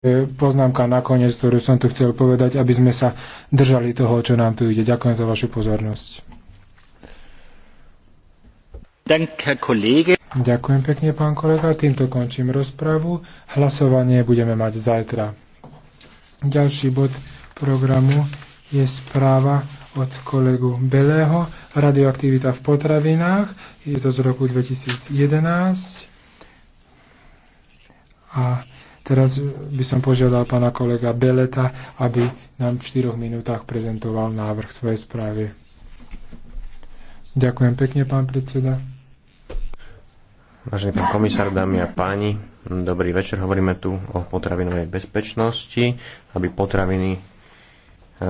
E, poznámka nakoniec, ktorú som tu chcel povedať, aby sme sa držali toho, čo nám tu ide. Ďakujem za vašu pozornosť. Ďakujem pekne, pán kolega. Týmto končím rozpravu. Hlasovanie budeme mať zajtra. Ďalší bod programu je správa od kolegu Belého. Radioaktivita v potravinách. Je to z roku 2011. A Teraz by som požiadal pána kolega Beleta, aby nám v 4 minútach prezentoval návrh svojej správy. Ďakujem pekne, pán predseda. Vážený pán komisár, dámy a páni, dobrý večer. Hovoríme tu o potravinovej bezpečnosti, aby potraviny e,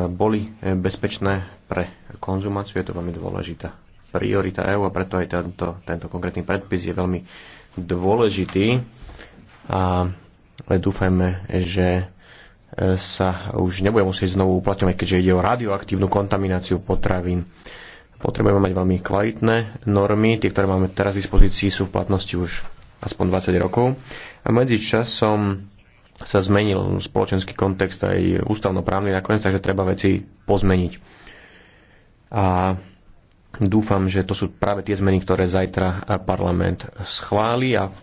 boli e, bezpečné pre konzumáciu. Je to veľmi dôležitá priorita EÚ a preto aj tento, tento konkrétny predpis je veľmi dôležitý. A ale dúfajme, že e, sa už nebude musieť znovu uplatňovať, keďže ide o radioaktívnu kontamináciu potravín. Potrebujeme mať veľmi kvalitné normy, tie, ktoré máme teraz v dispozícii, sú v platnosti už aspoň 20 rokov. A medzi časom sa zmenil spoločenský kontext aj ústavnoprávny nakoniec, takže treba veci pozmeniť. A dúfam, že to sú práve tie zmeny, ktoré zajtra parlament schváli a v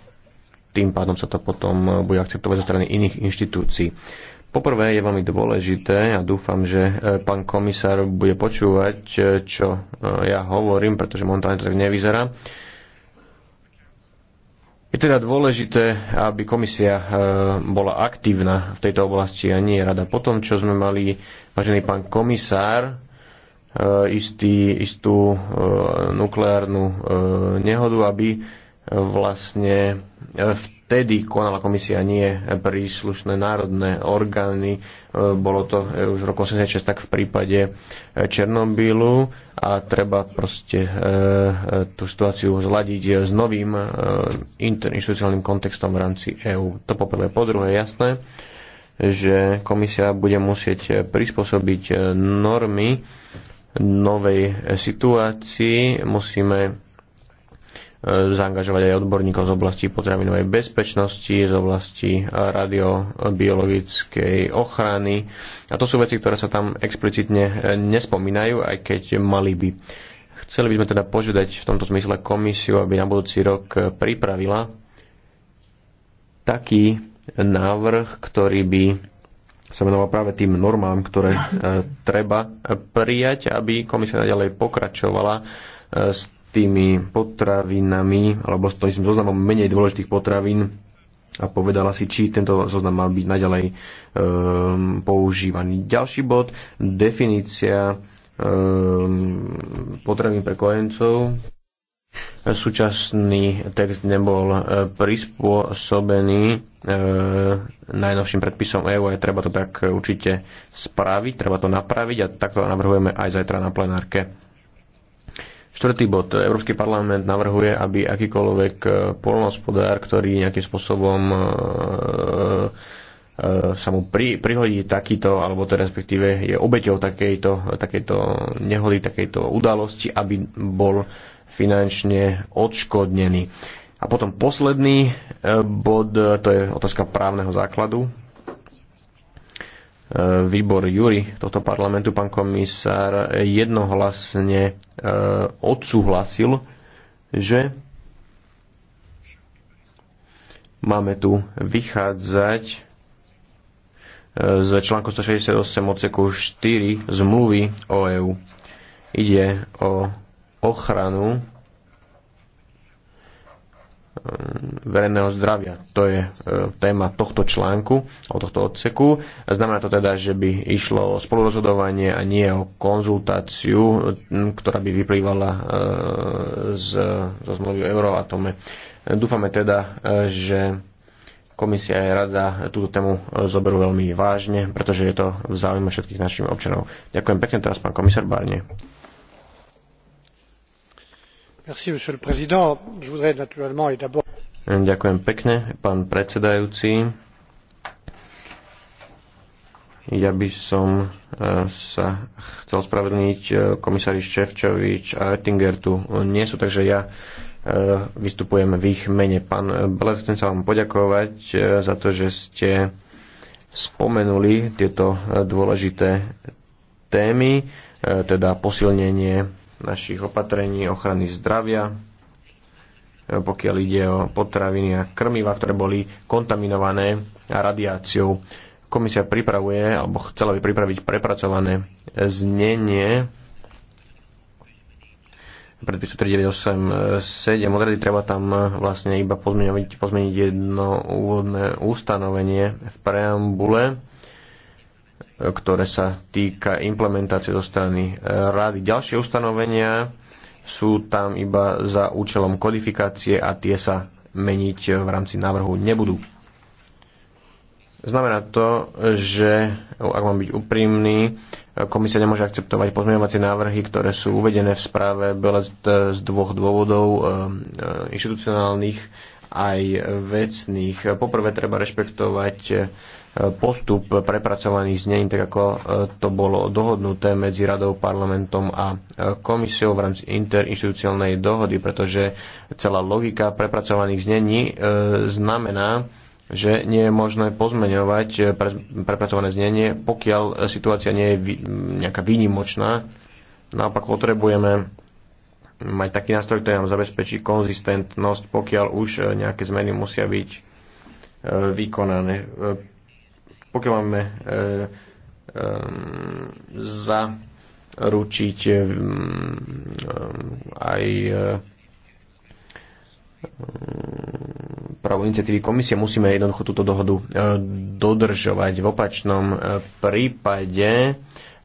tým pádom sa to potom eh, bude akceptovať zo strany iných inštitúcií. Poprvé je veľmi dôležité a ja dúfam, že eh, pán komisár bude počúvať, eh, čo ja hovorím, pretože momentálne to tak nevyzerá. Je teda dôležité, aby komisia bola aktívna v tejto oblasti a nie rada. Po tom, čo sme mali, vážený pán komisár, istý, istú nukleárnu nehodu, aby vlastne e, vtedy konala komisia, nie príslušné národné orgány. E, bolo to e, už v roku 86 tak v prípade Černobylu a treba proste tú situáciu zladiť s novým interinstitucionálnym kontextom v rámci EÚ. To poprvé. Po druhé, jasné, že komisia bude musieť prispôsobiť normy novej situácii. Musíme zaangažovať aj odborníkov z oblasti potravinovej bezpečnosti, z oblasti eh, radiobiologickej ochrany. A to sú veci, ktoré sa tam explicitne eh, nespomínajú, aj keď mali by. Chceli by sme teda požiadať v tomto zmysle komisiu, aby na budúci rok eh, pripravila taký návrh, ktorý by sa venoval práve tým normám, ktoré treba prijať, aby komisia naďalej pokračovala s tými potravinami, alebo s tým zoznamom menej dôležitých potravín a povedala si, či tento zoznam mal byť naďalej um, používaný. Ďalší bod, definícia um, potravín pre kojencov. Súčasný text nebol e, prispôsobený e, najnovším predpisom EU a treba to tak určite spraviť, treba to napraviť a takto navrhujeme aj zajtra na plenárke. Štvrtý bod. Európsky parlament navrhuje, aby akýkoľvek e, polnohospodár, ktorý nejakým spôsobom e, e, sa mu pri, prihodí takýto, alebo to teda respektíve je obeťou takejto, takejto nehody, takejto udalosti, aby bol finančne odškodnený. A potom posledný bod, to je otázka právneho základu E, výbor Jury tohto parlamentu, pán komisár, jednohlasne e, odsúhlasil, že máme tu vychádzať e, z článku 168 odseku 4 zmluvy o EÚ. Ide o ochranu Eh, verejného zdravia. To je eh, téma tohto článku, o tohto odseku. Znamená to teda, že by išlo o spolurozhodovanie a nie o konzultáciu, hm, ktorá by vyplývala eh, z, zo zmluvy o Euroatome. Dúfame teda, že komisia aj rada túto tému zoberú veľmi vážne, pretože je to v záujme všetkých našich občanov. Ďakujem pekne teraz, pán komisár Barne. Ďakujem pekne, pán predsedajúci. Ja by som e, sa chcel spravedlniť e, komisári Šefčovič a Oettinger tu nie sú, takže ja e, vystupujem v ich mene. Pán Belet, chcem sa vám poďakovať za to, že ste spomenuli tieto dôležité témy, teda posilnenie našich opatrení ochrany zdravia, e, pokiaľ ide o potraviny a krmiva, ktoré boli kontaminované radiáciou. Komisia pripravuje, alebo chcela by pripraviť prepracované znenie predpisu 3987 odredy treba tam e, vlastne iba pozmeniť, pozmeniť jedno úvodné ustanovenie v preambule ktoré sa týka implementácie zo strany e, rady. Ďalšie ustanovenia sú tam iba za účelom kodifikácie a tie sa meniť v rámci návrhu nebudú. Znamená to, že ak mám byť úprimný, komisia nemôže akceptovať pozmeňovacie návrhy, ktoré sú uvedené v správe z dvoch dôvodov e, e, inštitucionálnych aj vecných. Poprvé treba rešpektovať postup prepracovaných znení, tak ako e, to bolo dohodnuté medzi Radou, parlamentom a e, komisiou v rámci interinstitucionálnej dohody, pretože celá logika prepracovaných znení e, znamená, že nie je možné pozmeňovať pre, prepracované znenie, pokiaľ situácia nie je vý, nejaká výnimočná. Naopak potrebujeme mať taký nástroj, ktorý nám zabezpečí konzistentnosť, pokiaľ už nejaké zmeny musia byť vykonané pokiaľ máme e, e, zaručiť e, aj e, právo iniciatívy komisie, musíme jednoducho túto dohodu dodržovať. V opačnom prípade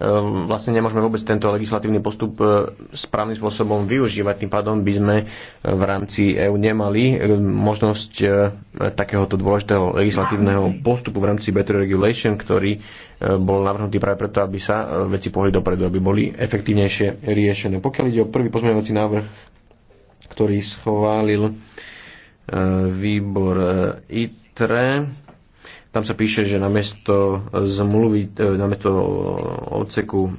Ehm, vlastne nemôžeme vôbec tento legislatívny postup e, správnym spôsobom využívať. Tým pádom by sme e, v rámci EÚ nemali e, možnosť takéhoto dôležitého legislatívneho postupu v rámci Better Regulation, ktorý bol navrhnutý práve preto, aby sa veci pohli dopredu, aby boli efektívnejšie riešené. Pokiaľ ide o prvý pozmeňovací návrh, ktorý schválil výbor ITRE, tam sa píše, že namiesto zmluvy, e, namiesto odseku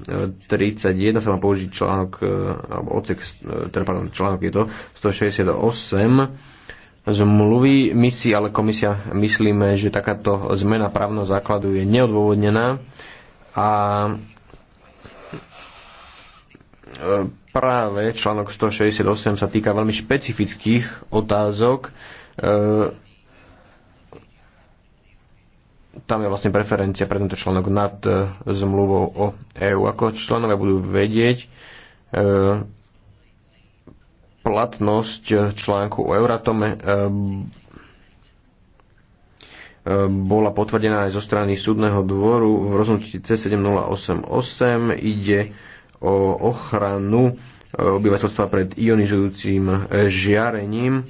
31 e, sa má použiť článok, e, alebo odsek, teda pardon, článok je to 168 zmluvy. My si ale komisia myslíme, že takáto zmena právneho základu je neodôvodnená a práve článok 168 sa týka veľmi špecifických otázok, tam je vlastne preferencia pre tento článok nad e, zmluvou o EÚ. Ako členovia budú vedieť, e, platnosť článku o Euratome e, e bola potvrdená aj zo strany súdneho dvoru v rozhodnutí C7088. Ide o ochranu e, obyvateľstva pred ionizujúcim e, žiarením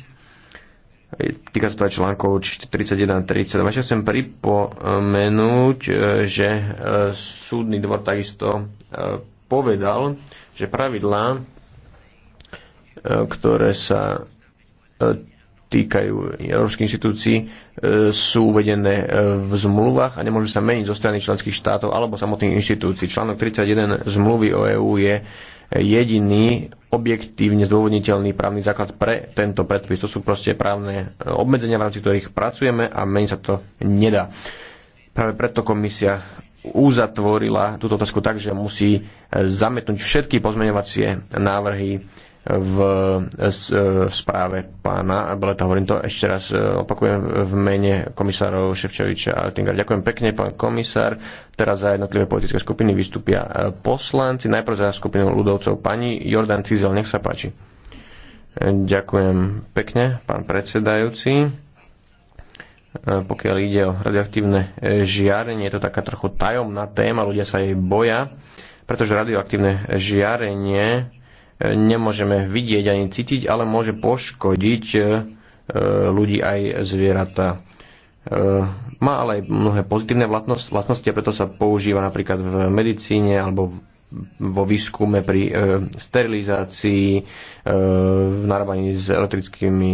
Týka sa to aj článkov 41 a 30. A chcem pripomenúť, e, že e, súdny dvor takisto e, povedal, že pravidlá, ktoré sa týkajú európskych inštitúcií, sú uvedené v zmluvách a nemôžu sa meniť zo strany členských štátov alebo samotných inštitúcií. Článok 31 zmluvy o EÚ je jediný objektívne zdôvodniteľný právny základ pre tento predpis. To sú proste právne e, obmedzenia, v rámci ktorých pracujeme a meniť sa to nedá. Práve preto komisia uzatvorila túto otázku tak, že musí e, zametnúť všetky pozmeňovacie návrhy v, e, v správe pána Beleta. Hovorím to ešte raz, e, opakujem v mene komisárov Ševčoviča a Oettingera. Ďakujem pekne, pán komisár. Teraz za jednotlivé politické skupiny vystúpia e, poslanci. Najprv za skupinu ľudovcov pani Jordan Cizel. Nech sa páči. Ďakujem pekne, pán predsedajúci. Pokiaľ ide o radioaktívne žiarenie, je to taká trochu tajomná téma, ľudia sa jej boja, pretože radioaktívne žiarenie nemôžeme vidieť ani cítiť, ale môže poškodiť e, e, ľudí aj zvieratá. E, má ale aj mnohé pozitívne vlastnosti a preto sa používa napríklad v medicíne alebo vo výskume pri sterilizácii, v narábaní s elektrickými,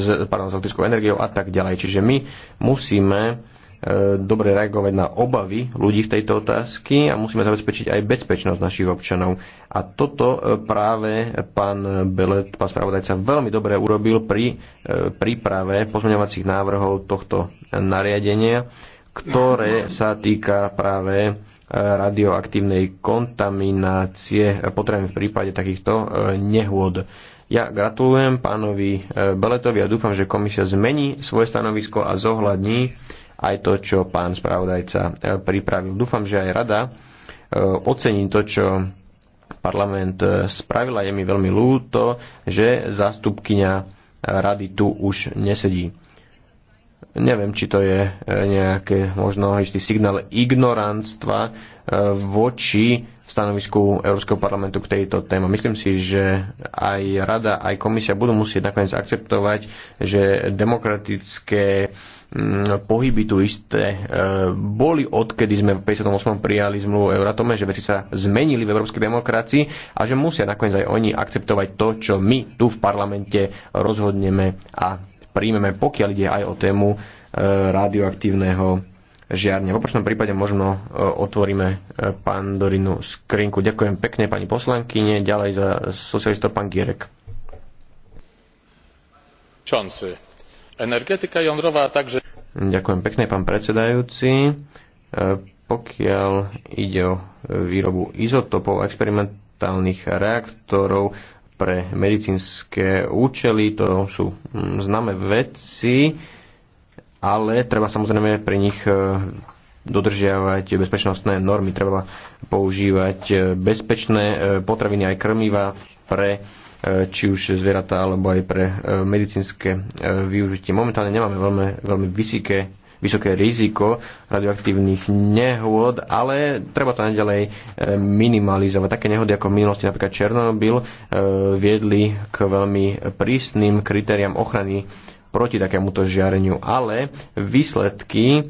s, pardon, s elektrickou energiou a tak ďalej. Čiže my musíme E, dobre reagovať na obavy ľudí v tejto otázky a musíme zabezpečiť aj bezpečnosť našich občanov. A toto e, práve pán Belet, pán spravodajca, veľmi dobre urobil pri e, príprave pozmeňovacích návrhov tohto nariadenia, ktoré sa týka práve radioaktívnej kontaminácie potrebné v prípade takýchto nehôd. Ja gratulujem pánovi Beletovi a dúfam, že komisia zmení svoje stanovisko a zohľadní aj to, čo pán spravodajca eh, pripravil. Dúfam, že aj rada eh, ocení to, čo parlament eh, spravila. Je mi veľmi ľúto, že zástupkyňa rady tu už nesedí. Neviem, či to je e, nejaké možno istý signál ignoranctva e, voči stanovisku Európskeho parlamentu k tejto téme. Myslím si, že aj rada, aj komisia budú musieť nakoniec akceptovať, že demokratické mm, pohyby tu isté e, boli, odkedy sme v 58. prijali zmluvu Euratome, že veci sa zmenili v európskej demokracii a že musia nakoniec aj oni akceptovať to, čo my tu v parlamente rozhodneme a príjmeme, pokiaľ ide aj o tému e, radioaktívneho žiarne. V opačnom prípade možno e, otvoríme e, Pandorinu skrinku. Ďakujem pekne pani poslankyne, ďalej za socialistov pán Gierek. Čonci. Energetika jądrowa, takže... Ďakujem pekne, pán predsedajúci. Pokiaľ ide o výrobu izotopov a experimentálnych reaktorov, pre medicínske účely, to sú mm, známe veci, ale treba samozrejme pre nich e, dodržiavať bezpečnostné normy, treba používať e, bezpečné e, potraviny aj krmiva pre či už zvieratá alebo aj pre medicínske využitie. Momentálne nemáme veľmi, veľmi vysoké vysoké riziko radioaktívnych nehôd, ale treba to naďalej e, minimalizovať. Také nehody ako v minulosti napríklad Černobyl e, viedli k veľmi prísnym kritériám ochrany proti takémuto žiareniu, ale výsledky e,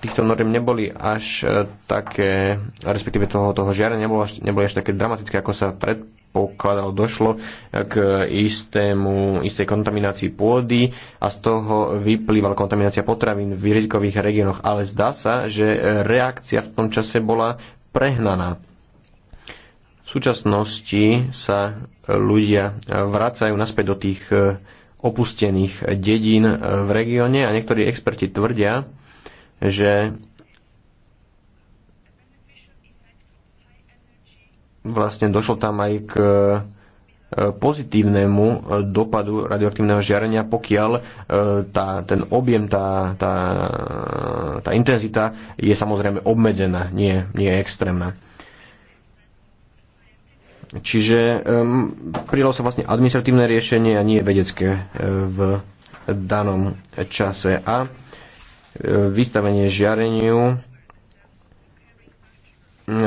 týchto noriem neboli až e, také, respektíve toho, toho žiarenia nebolo až, neboli až také dramatické, ako sa predpokladalo. Došlo e, k istému, istej kontaminácii pôdy a z toho vyplývala kontaminácia potravín v rizikových regiónoch. Ale zdá sa, že reakcia v tom čase bola prehnaná. V súčasnosti sa ľudia vracajú naspäť do tých e, opustených dedín v regióne a niektorí experti tvrdia, že vlastne došlo tam aj k e, pozitívnemu e, dopadu radioaktívneho žiarenia, pokiaľ e, tá, ten objem, tá, tá, tá intenzita je samozrejme obmedzená, nie, nie extrémna. Čiže um, pridalo sa vlastne administratívne riešenie a nie vedecké v danom čase. A vystavenie žiareniu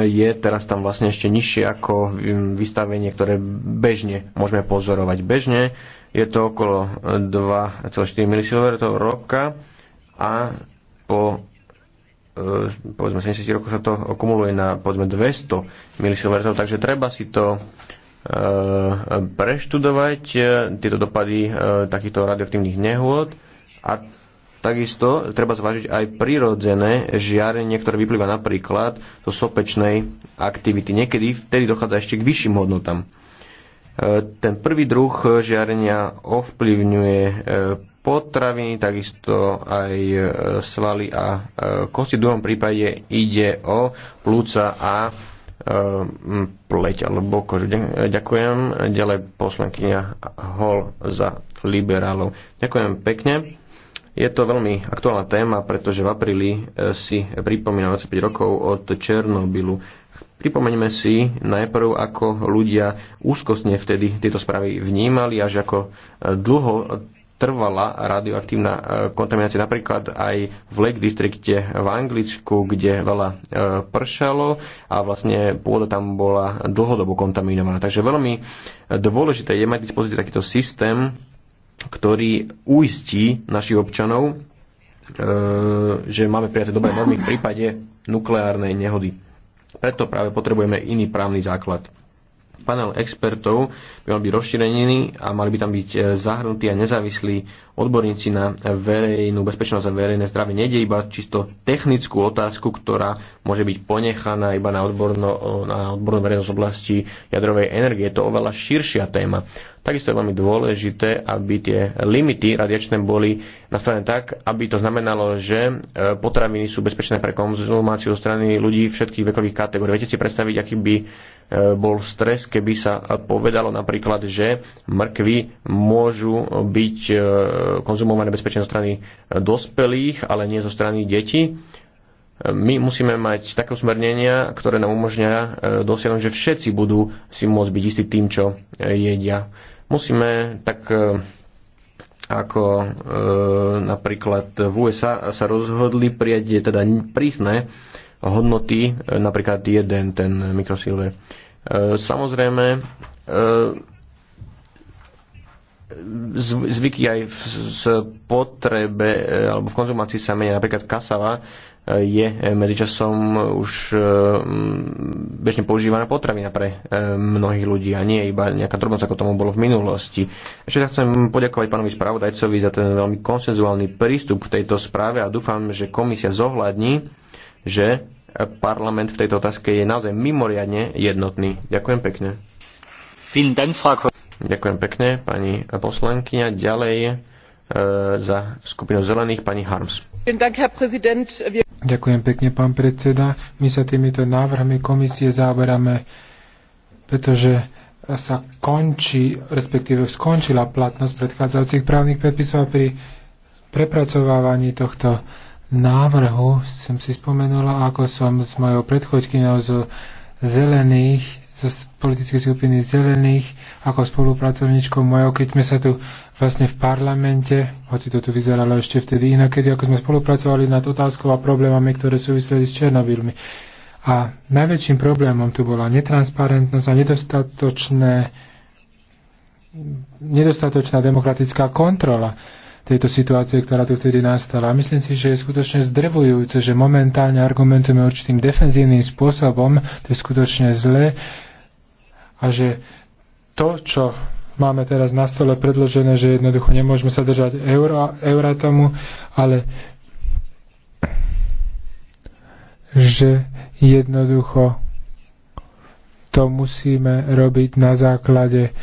je teraz tam vlastne ešte nižšie ako vystavenie, ktoré bežne môžeme pozorovať. Bežne je to okolo 2,4 mSv roka a po e, povedzme 70 rokov sa to akumuluje na povedzme 200 mSv, takže treba si to e, preštudovať e, tieto dopady takýchto radioaktívnych nehôd a Takisto treba zvážiť aj prirodzené žiarenie, ktoré vyplýva napríklad zo sopečnej aktivity. Niekedy vtedy dochádza ešte k vyšším hodnotám. E, ten prvý druh žiarenia ovplyvňuje e, potraviny, takisto aj e, svaly a kosti. V druhom prípade ide o plúca a pleť alebo kožu. Ďakujem ďalej poslankyňa Hol za liberálov. Ďakujem pekne. Je to veľmi aktuálna téma, pretože v apríli e, si pripomíname 25 rokov od Černobylu. Pripomeňme si najprv, ako ľudia úzkostne vtedy tieto správy vnímali, až ako e, dlho trvala radioaktívna e, kontaminácia napríklad aj v Lake Districte v Anglicku, kde veľa pršalo a vlastne pôda tam bola dlhodobo kontaminovaná. Takže veľmi dôležité je mať dispozícii takýto systém, ktorý uistí našich občanov, e, že máme prijaté dobré normy v prípade nukleárnej nehody. Preto práve potrebujeme iný právny základ. Panel expertov by mal byť rozšírený a mali by tam byť e, zahrnutí a nezávislí odborníci na verejnú bezpečnosť a verejné zdravie. Nede iba čisto technickú otázku, ktorá môže byť ponechaná iba na, odborno, na odbornú verejnosť oblasti jadrovej energie. Je to oveľa širšia téma. Takisto je veľmi dôležité, aby tie limity radiačné boli nastavené tak, aby to znamenalo, že e, potraviny sú bezpečné pre konzumáciu zo strany ľudí všetkých vekových kategórií. Viete si predstaviť, aký by e, bol stres, keby sa povedalo napríklad, že mrkvy môžu byť e, konzumované bezpečne zo strany e, dospelých, ale nie zo strany detí. My musíme mať také usmernenia, ktoré nám umožňa e, dosiahnuť, že všetci budú si môcť byť istí tým, čo e, jedia. Musíme tak ako e, napríklad v USA sa rozhodli prijať teda prísne hodnoty, napríklad jeden ten mikrosilver. E, samozrejme, e, zvyky aj v potrebe e, alebo v konzumácii sa menia. Napríklad kasava e, je medzičasom už e, bežne používaná potravina pre mnohých ľudí a nie iba nejaká drobnosť, ako tomu bolo v minulosti. Ešte sa chcem poďakovať pánovi spravodajcovi za ten veľmi konsenzuálny prístup k tejto správe a dúfam, že komisia zohľadní, že parlament v tejto otázke je naozaj mimoriadne jednotný. Ďakujem pekne. Vielen Dank, Frau Ďakujem pekne, pani poslankyňa. Ďalej e, za skupinu zelených pani Harms. Ďakujem pekne, pán predseda. My sa týmito návrhmi komisie záberame, pretože sa končí, respektíve skončila platnosť predchádzajúcich právnych predpisov a pri prepracovávaní tohto návrhu som si spomenula, ako som s mojou predchodkynou z zelených zo politickej skupiny zelených ako spolupracovníčkou mojou, keď sme sa tu vlastne v parlamente, hoci to tu vyzeralo ešte vtedy inakedy, ako sme spolupracovali nad otázkou a problémami, ktoré súviseli s Černobylmi. A najväčším problémom tu bola netransparentnosť a nedostatočné, nedostatočná demokratická kontrola tejto situácie, ktorá tu vtedy nastala. A myslím si, že je skutočne zdrvujúce, že momentálne argumentujeme určitým defenzívnym spôsobom, to je skutočne zlé a že to, čo máme teraz na stole predložené, že jednoducho nemôžeme sa držať eura, eura tomu, ale že jednoducho to musíme robiť na základe uh,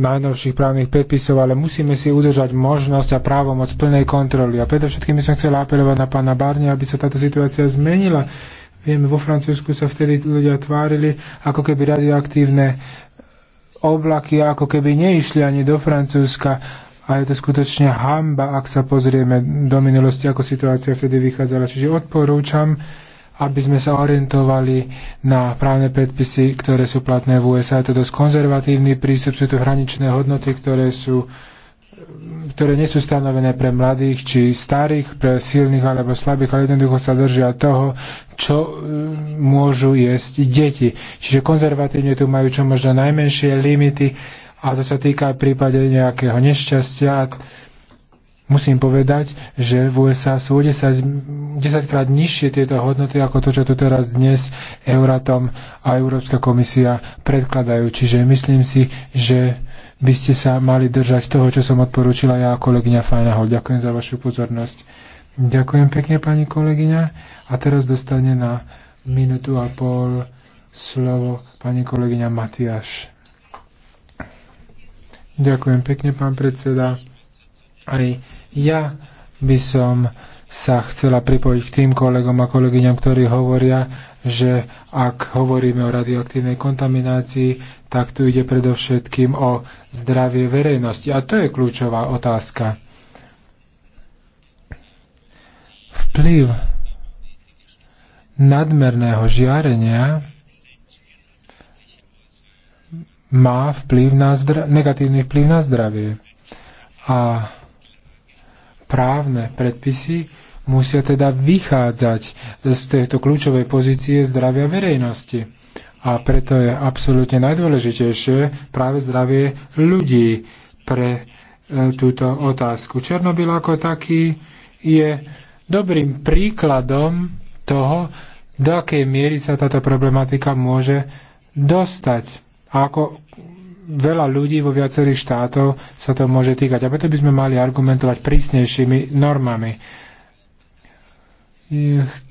najnovších právnych predpisov, ale musíme si udržať možnosť a právomoc plnej kontroly. A predovšetkým by som chcela apelovať na pána Barne, aby sa táto situácia zmenila Vieme, vo Francúzsku sa vtedy ľudia tvárili, ako keby radioaktívne oblaky ako keby neišli ani do Francúzska. A je to skutočne hamba, ak sa pozrieme do minulosti, ako situácia vtedy vychádzala. Čiže odporúčam, aby sme sa orientovali na právne predpisy, ktoré sú platné v USA. Je to dosť konzervatívny prístup, sú to hraničné hodnoty, ktoré sú uh, ktoré nie sú stanovené pre mladých či starých, pre silných alebo slabých, ale jednoducho sa držia toho, čo e, môžu jesť deti. Čiže konzervatívne tu majú čo možno najmenšie limity a to sa týka aj prípade nejakého nešťastia. Musím povedať, že v USA sú 10, 10 krát nižšie tieto hodnoty ako to, čo tu teraz dnes Euratom a Európska komisia predkladajú. Čiže myslím si, že by ste sa mali držať toho, čo som odporúčila ja a kolegyňa Fajnahol. Ďakujem za vašu pozornosť. Ďakujem pekne, pani kolegyňa. A teraz dostane na minútu a pol slovo pani kolegyňa Matiaš. Ďakujem pekne, pán predseda. Aj ja by som sa chcela pripojiť k tým kolegom a kolegyňam, ktorí hovoria, že ak hovoríme o radioaktívnej kontaminácii, tak tu ide predovšetkým o zdravie verejnosti. A to je kľúčová otázka. Vplyv nadmerného žiarenia má vplyv na negatívny vplyv na zdravie. A právne predpisy musia teda vychádzať z tejto kľúčovej pozície zdravia verejnosti. A preto je absolútne najdôležitejšie práve zdravie ľudí pre e, túto otázku. Černobyl ako taký je dobrým príkladom toho, do akej miery sa táto problematika môže dostať. A ako veľa ľudí vo viacerých štátov sa to môže týkať. A preto by sme mali argumentovať prísnejšími normami.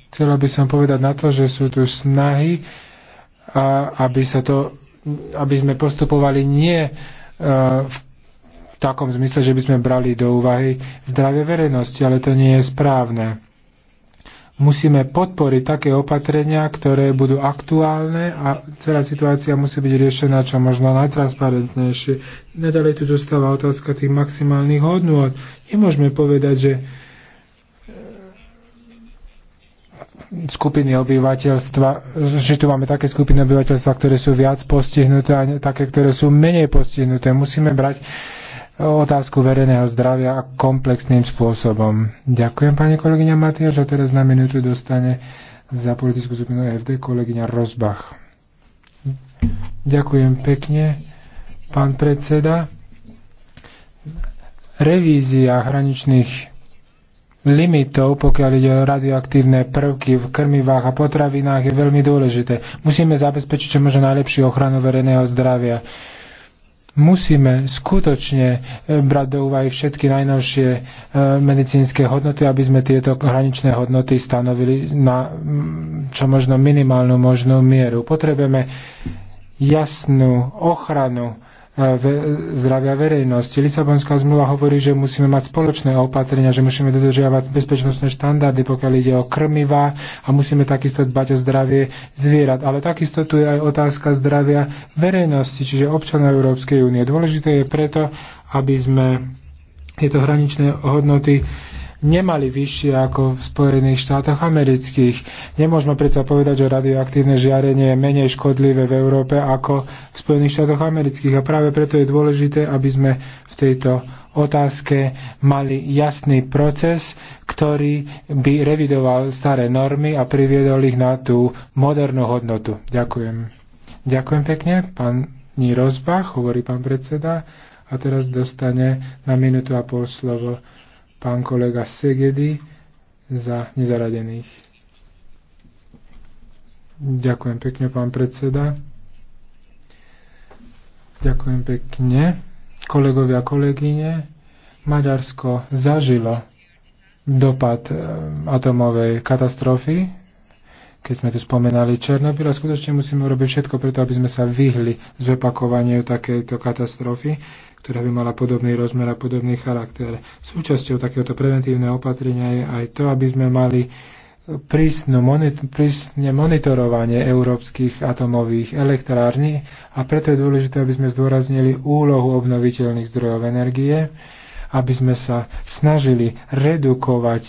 Chcela by som povedať na to, že sú tu snahy a aby, sa to, aby sme postupovali nie e, v takom zmysle, že by sme brali do úvahy zdravie verejnosti, ale to nie je správne. Musíme podporiť také opatrenia, ktoré budú aktuálne a celá situácia musí byť riešená čo možno najtransparentnejšie. Nadalej tu zostáva otázka tých maximálnych hodnôt. Nemôžeme povedať, že skupiny obyvateľstva, že tu máme také skupiny obyvateľstva, ktoré sú viac postihnuté a také, ktoré sú menej postihnuté. Musíme brať otázku verejného zdravia a komplexným spôsobom. Ďakujem pani kolegyňa Matiaš a teraz na minútu dostane za politickú skupinu FD kolegyňa Rozbach. Ďakujem pekne, pán predseda. Revízia hraničných limitov, pokiaľ ide o radioaktívne prvky v krmivách a potravinách, je veľmi dôležité. Musíme zabezpečiť čo možno najlepšiu ochranu verejného zdravia. Musíme skutočne e, brať do úvahy všetky najnovšie e, medicínske hodnoty, aby sme tieto hraničné hodnoty stanovili na mm, čo možno minimálnu možnú mieru. Potrebujeme jasnú ochranu zdravia verejnosti. Lisabonská zmluva hovorí, že musíme mať spoločné opatrenia, že musíme dodržiavať bezpečnostné štandardy, pokiaľ ide o krmiva a musíme takisto dbať o zdravie zvierat. Ale takisto tu je aj otázka zdravia verejnosti, čiže občanov Európskej únie. Dôležité je preto, aby sme tieto hraničné hodnoty nemali vyššie ako v Spojených štátoch amerických. Nemôžeme predsa povedať, že radioaktívne žiarenie je menej škodlivé v Európe ako v Spojených štátoch amerických. A práve preto je dôležité, aby sme v tejto otázke mali jasný proces, ktorý by revidoval staré normy a priviedol ich na tú modernú hodnotu. Ďakujem. Ďakujem pekne, pani Rozbach, hovorí pán predseda. A teraz dostane na minútu a pol slovo pán kolega Segedy za nezaradených. Ďakujem pekne, pán predseda. Ďakujem pekne. Kolegovia, kolegyne, Maďarsko zažilo dopad e, atomovej katastrofy keď sme tu spomenali Černobyl a skutočne musíme urobiť všetko preto, aby sme sa vyhli zopakovaniu takejto katastrofy ktorá by mala podobný rozmer a podobný charakter. Súčasťou takéhoto preventívneho opatrenia je aj to, aby sme mali prísne, monit, prísne monitorovanie európskych atomových elektrární a preto je dôležité, aby sme zdôraznili úlohu obnoviteľných zdrojov energie, aby sme sa snažili redukovať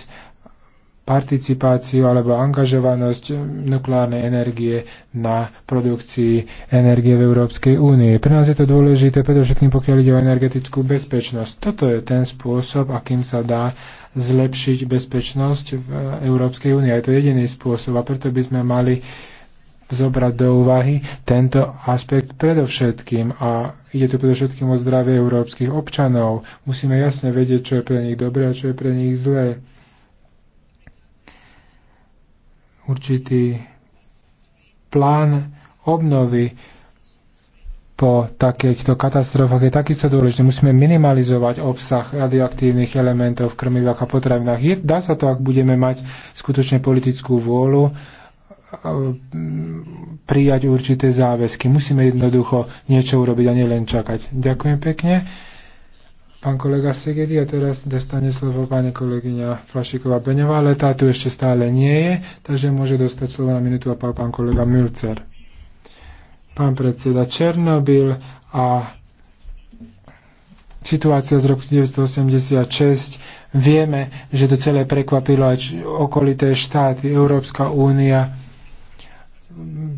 participáciu alebo angažovanosť nukleárnej energie na produkcii energie v Európskej únie. Pre nás je to dôležité, predovšetkým pokiaľ ide o energetickú bezpečnosť. Toto je ten spôsob, akým sa dá zlepšiť bezpečnosť v Európskej únie. Je to jediný spôsob a preto by sme mali zobrať do úvahy tento aspekt predovšetkým a ide tu predovšetkým o zdravie európskych občanov. Musíme jasne vedieť, čo je pre nich dobré a čo je pre nich zlé. určitý plán obnovy po takýchto katastrofách je takisto dôležité. Musíme minimalizovať obsah radioaktívnych elementov v krmivách a potravinách. dá sa to, ak budeme mať skutočne politickú vôľu e, prijať určité záväzky. Musíme jednoducho niečo urobiť a nielen čakať. Ďakujem pekne pán kolega Segedy a teraz dostane slovo pani kolegyňa Flašiková Beňová, ale tá tu ešte stále nie je, takže môže dostať slovo na minútu a pán, pán kolega Milcer. Pán predseda Černobyl a situácia z roku 1986. Vieme, že to celé prekvapilo aj okolité štáty. Európska únia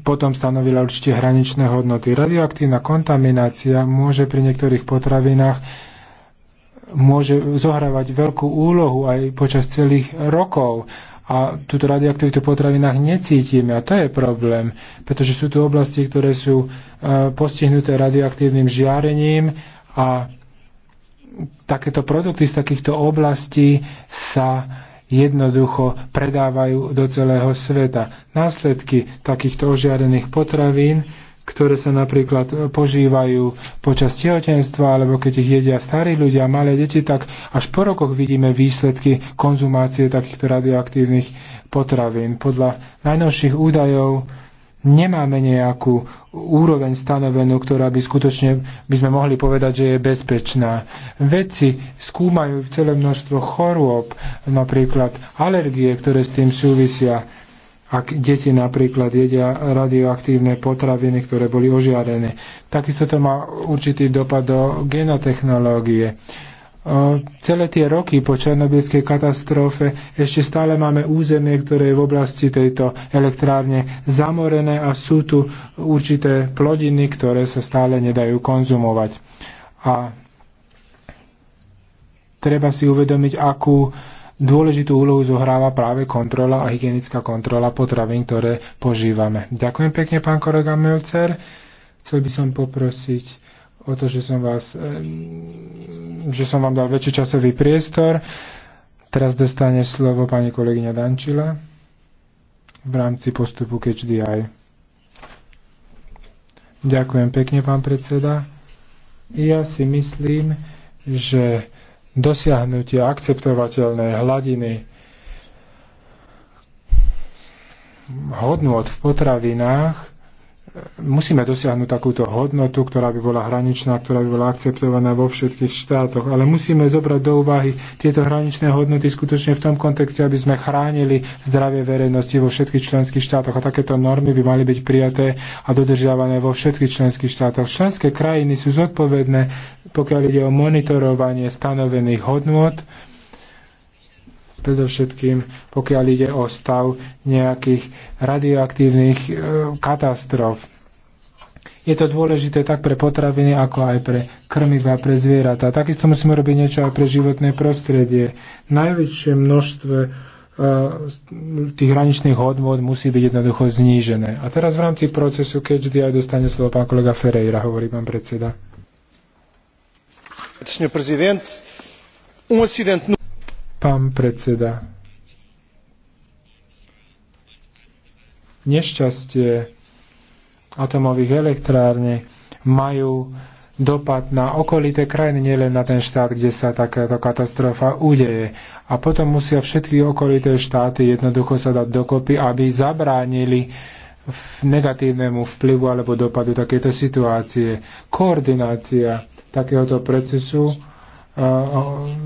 potom stanovila určite hraničné hodnoty. Radioaktívna kontaminácia môže pri niektorých potravinách môže zohrávať veľkú úlohu aj počas celých rokov a túto radioaktivitu v potravinách necítime. A to je problém, pretože sú tu oblasti, ktoré sú e, postihnuté radioaktívnym žiarením a takéto produkty z takýchto oblastí sa jednoducho predávajú do celého sveta. Následky takýchto ožiarených potravín ktoré sa napríklad e, požívajú počas tehotenstva, alebo keď ich jedia starí ľudia, malé deti, tak až po rokoch vidíme výsledky konzumácie takýchto radioaktívnych potravín. Podľa najnovších údajov nemáme nejakú úroveň stanovenú, ktorá by skutočne by sme mohli povedať, že je bezpečná. Vedci skúmajú celé množstvo chorôb, napríklad alergie, ktoré s tým súvisia ak deti napríklad jedia radioaktívne potraviny, ktoré boli ožiarené. Takisto to má určitý dopad do genotechnológie. E, celé tie roky po černobylskej katastrofe ešte stále máme územie, ktoré je v oblasti tejto elektrárne zamorené a sú tu určité plodiny, ktoré sa stále nedajú konzumovať. A treba si uvedomiť, akú dôležitú úlohu zohráva práve kontrola a hygienická kontrola potravín, ktoré požívame. Ďakujem pekne, pán kolega Melcer. Chcel by som poprosiť o to, že som, vás, eh, že som vám dal väčší časový priestor. Teraz dostane slovo pani kolegyňa Dančila v rámci postupu KHDI. Ďakujem pekne, pán predseda. Ja si myslím, že dosiahnutia akceptovateľnej hladiny hodnôt v potravinách musíme dosiahnuť takúto hodnotu, ktorá by bola hraničná, ktorá by bola akceptovaná vo všetkých štátoch, ale musíme zobrať do úvahy tieto hraničné hodnoty skutočne v tom kontexte, aby sme chránili zdravie verejnosti vo všetkých členských štátoch a takéto normy by mali byť prijaté a dodržiavané vo všetkých členských štátoch. Členské krajiny sú zodpovedné, pokiaľ ide o monitorovanie stanovených hodnot, predovšetkým pokiaľ ide o stav nejakých radioaktívnych e, katastrof. Je to dôležité tak pre potraviny, ako aj pre krmiva, pre zvieratá. Takisto musíme robiť niečo aj pre životné prostredie. Najväčšie množstvo e, tých hraničných hodnot musí byť jednoducho znížené. A teraz v rámci procesu, keď aj dostane slovo pán kolega Ferreira, hovorí pán predseda. Senhor prezident, um no Pán predseda, nešťastie atomových elektrárne majú dopad na okolité krajiny, nielen na ten štát, kde sa takáto katastrofa udeje. A potom musia všetky okolité štáty jednoducho sa dať dokopy, aby zabránili negatívnemu vplyvu alebo dopadu takéto situácie. Koordinácia takéhoto procesu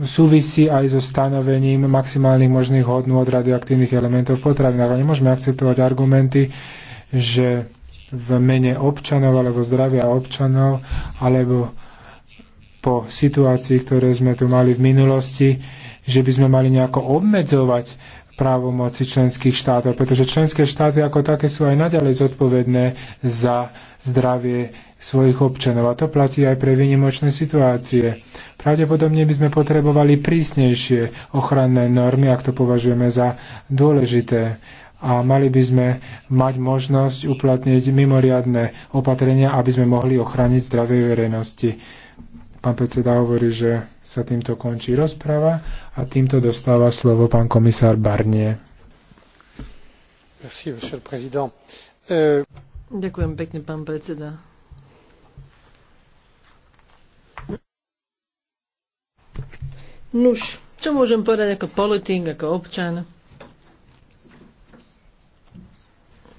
súvisí aj so stanovením maximálnych možných hodnú od radioaktívnych elementov v potravinách. Nemôžeme akceptovať argumenty, že v mene občanov alebo zdravia občanov alebo po situácii, ktoré sme tu mali v minulosti, že by sme mali nejako obmedzovať právomoci členských štátov, pretože členské štáty ako také sú aj naďalej zodpovedné za zdravie svojich občanov. A to platí aj pre výnimočné situácie. Pravdepodobne by sme potrebovali prísnejšie ochranné normy, ak to považujeme za dôležité a mali by sme mať možnosť uplatniť mimoriadne opatrenia, aby sme mohli ochrániť zdravie verejnosti. Pán predseda hovorí, že sa týmto končí rozprava a týmto dostáva slovo pán komisár Barnie. Merci, monsieur le président. Euh... Ďakujem pekne, pán predseda. Nuž, čo môžem povedať ako politik, ako občan?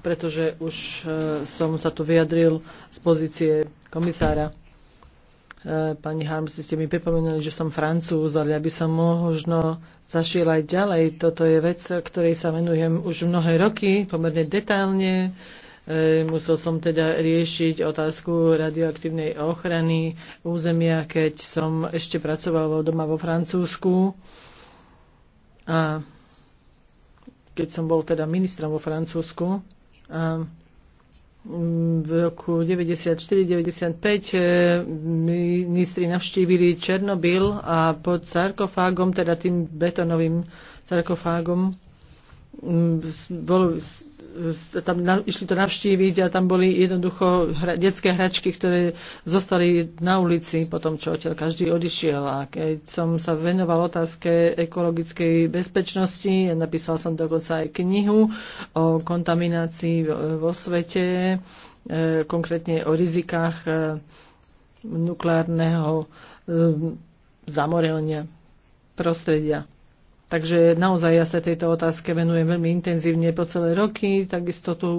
Pretože už e, som sa tu vyjadril z pozície komisára. E, pani Harms, ste mi pripomenuli, že som francúz, ale ja by som možno zašiel aj ďalej. Toto je vec, ktorej sa venujem už mnohé roky, pomerne detailne. E, musel som teda riešiť otázku radioaktívnej ochrany územia, keď som ešte pracoval doma vo Francúzsku. A keď som bol teda ministrom vo Francúzsku. A Mm, v roku 94-95 eh, ministri navštívili Černobyl a pod sarkofágom, teda tým betonovým sarkofágom, Mm, bol, tam na, išli to navštíviť a tam boli jednoducho hra, detské hračky, ktoré zostali na ulici po tom, čo odtiaľ každý odišiel. A keď som sa venoval otázke ekologickej bezpečnosti, napísal som dokonca aj knihu o kontaminácii vo svete, e, konkrétne o rizikách e, nukleárneho e, zamorenia prostredia. Takže naozaj ja sa tejto otázke venujem veľmi intenzívne po celé roky, takisto tu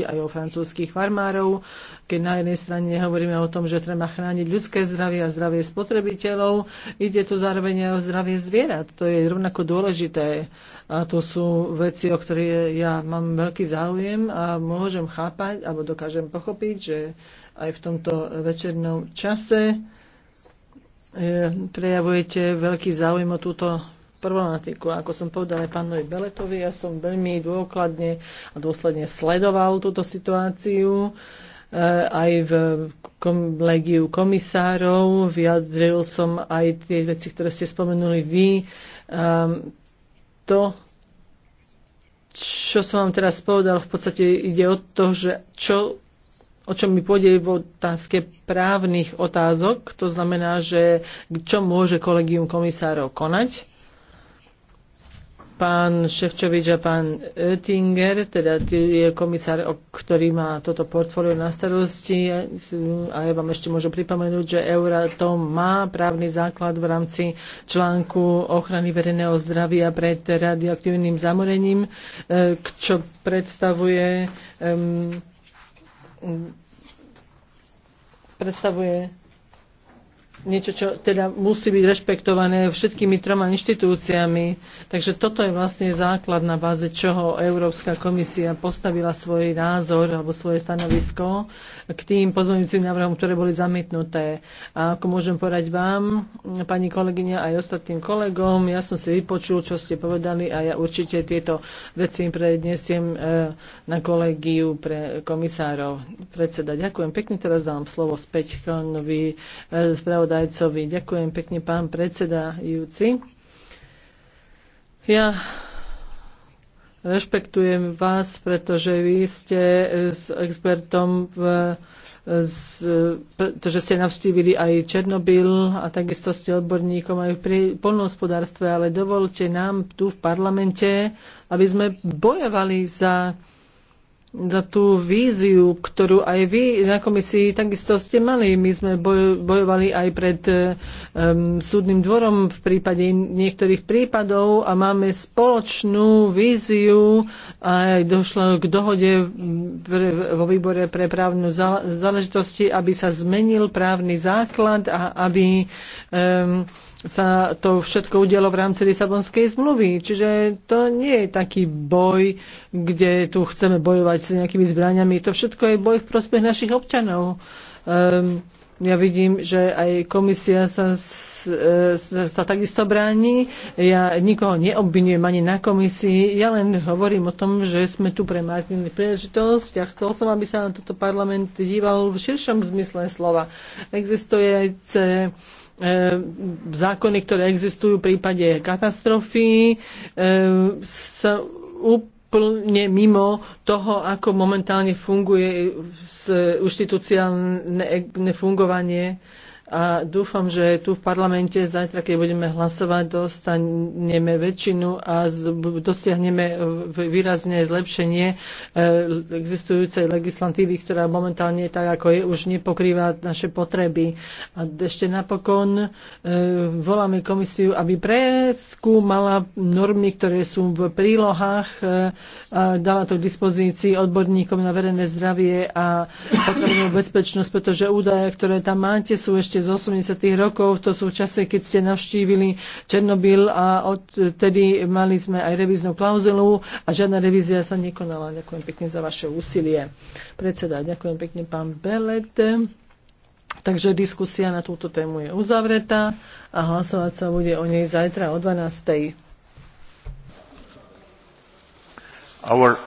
aj o francúzských farmárov, keď na jednej strane hovoríme o tom, že treba chrániť ľudské zdravie a zdravie spotrebiteľov, ide tu zároveň aj o zdravie zvierat. To je rovnako dôležité. A to sú veci, o ktoré ja mám veľký záujem a môžem chápať, alebo dokážem pochopiť, že aj v tomto večernom čase eh, prejavujete veľký záujem o túto problematiku. Ako som povedal aj pánovi Beletovi, ja som veľmi dôkladne a dôsledne sledoval túto situáciu. E, aj v kom- legiu komisárov vyjadril som aj tie veci, ktoré ste spomenuli vy. Um, to, čo som vám teraz povedal, v podstate ide o to, že čo, o čom mi pôjde v otázke právnych otázok. To znamená, že čo môže kolegium komisárov konať pán Ševčovič a pán Oettinger, teda je komisár, ktorý má toto portfólio na starosti. A ja vám ešte môžem pripomenúť, že Euratom má právny základ v rámci článku ochrany verejného zdravia pred radioaktívnym zamorením, e, čo predstavuje predstavuje niečo, čo teda musí byť rešpektované všetkými troma inštitúciami. Takže toto je vlastne základ, na báze čoho Európska komisia postavila svoj názor alebo svoje stanovisko k tým pozmeňujúcim návrhom, ktoré boli zamietnuté. A ako môžem porať vám, pani kolegyňa, aj ostatným kolegom, ja som si vypočul, čo ste povedali a ja určite tieto veci prednesiem e, na kolegiu pre komisárov. Predseda, ďakujem pekne, teraz dám slovo späť pánovi e, spravodajcovi spravodajcovi. Ďakujem pekne, pán predsedajúci. Ja rešpektujem vás, pretože vy ste s expertom v z, pretože ste navštívili aj Černobyl a takisto ste odborníkom aj pri poľnohospodárstve, ale dovolte nám tu v parlamente, aby sme bojovali za za tú víziu, ktorú aj vy na komisii takisto ste mali. My sme bojovali aj pred um, súdnym dvorom v prípade niektorých prípadov a máme spoločnú víziu a aj došlo k dohode vo výbore pre právnu záležitosti, aby sa zmenil právny základ a aby um, sa to všetko udialo v rámci Lisabonskej zmluvy. Čiže to nie je taký boj, kde tu chceme bojovať s nejakými zbraniami. To všetko je boj v prospech našich občanov. Um, ja vidím, že aj komisia sa, e, sa, sa takisto bráni. Ja nikoho neobvinujem ani na komisii. Ja len hovorím o tom, že sme tu pre Martinu príležitosť a ja chcel som, aby sa na toto parlament díval v širšom zmysle slova. Existuje E, zákony, ktoré existujú v prípade katastrofy, e, sa úplne mimo toho, ako momentálne funguje e, inštitúciálne fungovanie a dúfam, že tu v parlamente zajtra, keď budeme hlasovať, dostaneme väčšinu a dosiahneme e, výrazne zlepšenie e, existujúcej legislatívy, ktorá momentálne tak, ako je, už nepokrýva naše potreby. A ešte napokon e, voláme komisiu, aby preskúmala normy, ktoré sú v prílohách, a dala to k dispozícii odborníkom na verejné zdravie a potravinovú bezpečnosť, pretože údaje, ktoré tam máte, sú ešte ešte z 80. rokov, to sú čase, keď ste navštívili Černobyl a odtedy mali sme aj revíznu klauzulu a žiadna revízia sa nekonala. Ďakujem pekne za vaše úsilie. Predseda, ďakujem pekne pán Belet. Takže diskusia na túto tému je uzavretá a hlasovať sa bude o nej zajtra o 12. Our